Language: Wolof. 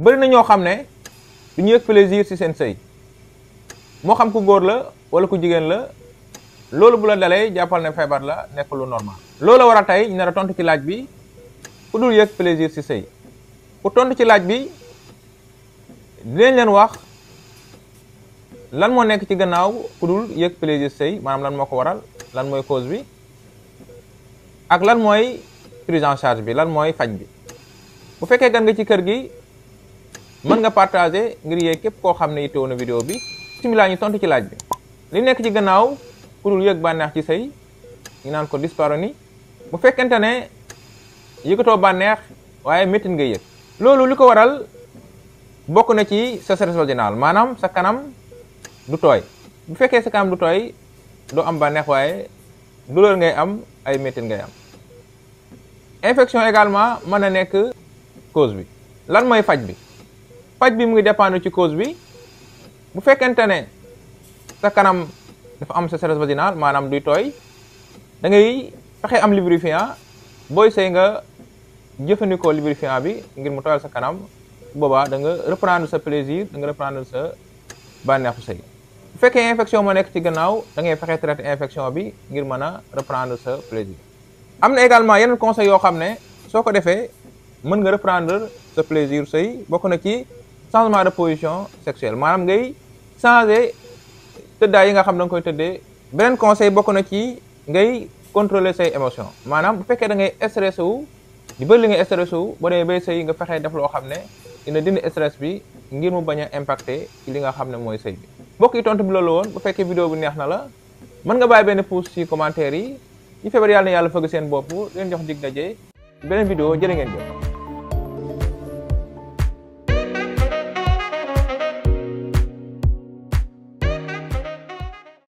bëri na ñoo xam ne du ñu yëg plaisir ci seen sëy moo xam ku góor la wala ku jigéen la loolu bu la dalee jàppal ne feebar la nekk lu normal. loolu war a tey ñu nar a tontu ci laaj bi ku dul yëg plaisir ci sëy ku tontu ci laaj bi dinañ leen wax lan moo nekk ci gannaaw ku dul yëg plaisir sëy maanaam lan moo ko waral lan mooy cause bi ak lan mooy prise en charge bi lan mooy faj bi bu fekkee gan nga ci kër gi. mën nga partager ngir yee képp koo xam ne yittewoo na vidéo bi similaa ngi tontu ci laaj bi li nekk ci gannaaw pour dul yëg bànneex ci sëy ñu naan ko ni bu fekkente ne yëgatoo bànneex waaye méttin nga yëg loolu li ko waral bokk na ci sa stress vaginal maanaam sa kanam du tooy bu fekkee sa kanam du tooy doo am bànneex waaye douleur ngay am ay méttin ngay am infection également mën a nekk cause bi lan mooy faj bi paj bi mu ngi dépendre ci cause bi bu fekkente ne sa kanam dafa am sa sécheresse vaginale maanaam duy tooy da ngay fexe am lubrifiant booy sëy nga jëfandikoo lubrifiant bi ngir mu tooyal sa kanam boobaa da nga reprendre sa plaisir da nga reprendre sa bànneexu sëy bu fekkee infection moo nekk ci gannaaw da ngay fexe traiter infection bi ngir mën a reprendre sa plaisir am na également yeneen conseil yoo xam ne soo ko defee mën nga reprendre sa plaisir sëy bokk na ci changement de position sexuelle maanaam ngay changer tëddaay yi nga xam da nga koy tëddee beneen conseil bokk na ci ngay contrôler say émotion maanaam bu fekkee da ngay stressé wu di bëri li ngay stressé wu boo demee bay sëy nga fexee def loo xam ne dina dindi stress bi ngir mu bañ a impacté ci li nga xam ne mooy sëy bi mbokk yi tontu bi loolu woon bu fekkee vidéo bu neex na la mën nga bàyyi benn pouce ci commentaire yi ñu feebar yàlla na yàlla fëgg seen bopp leen jox dig daje beneen vidéo ngeen jëf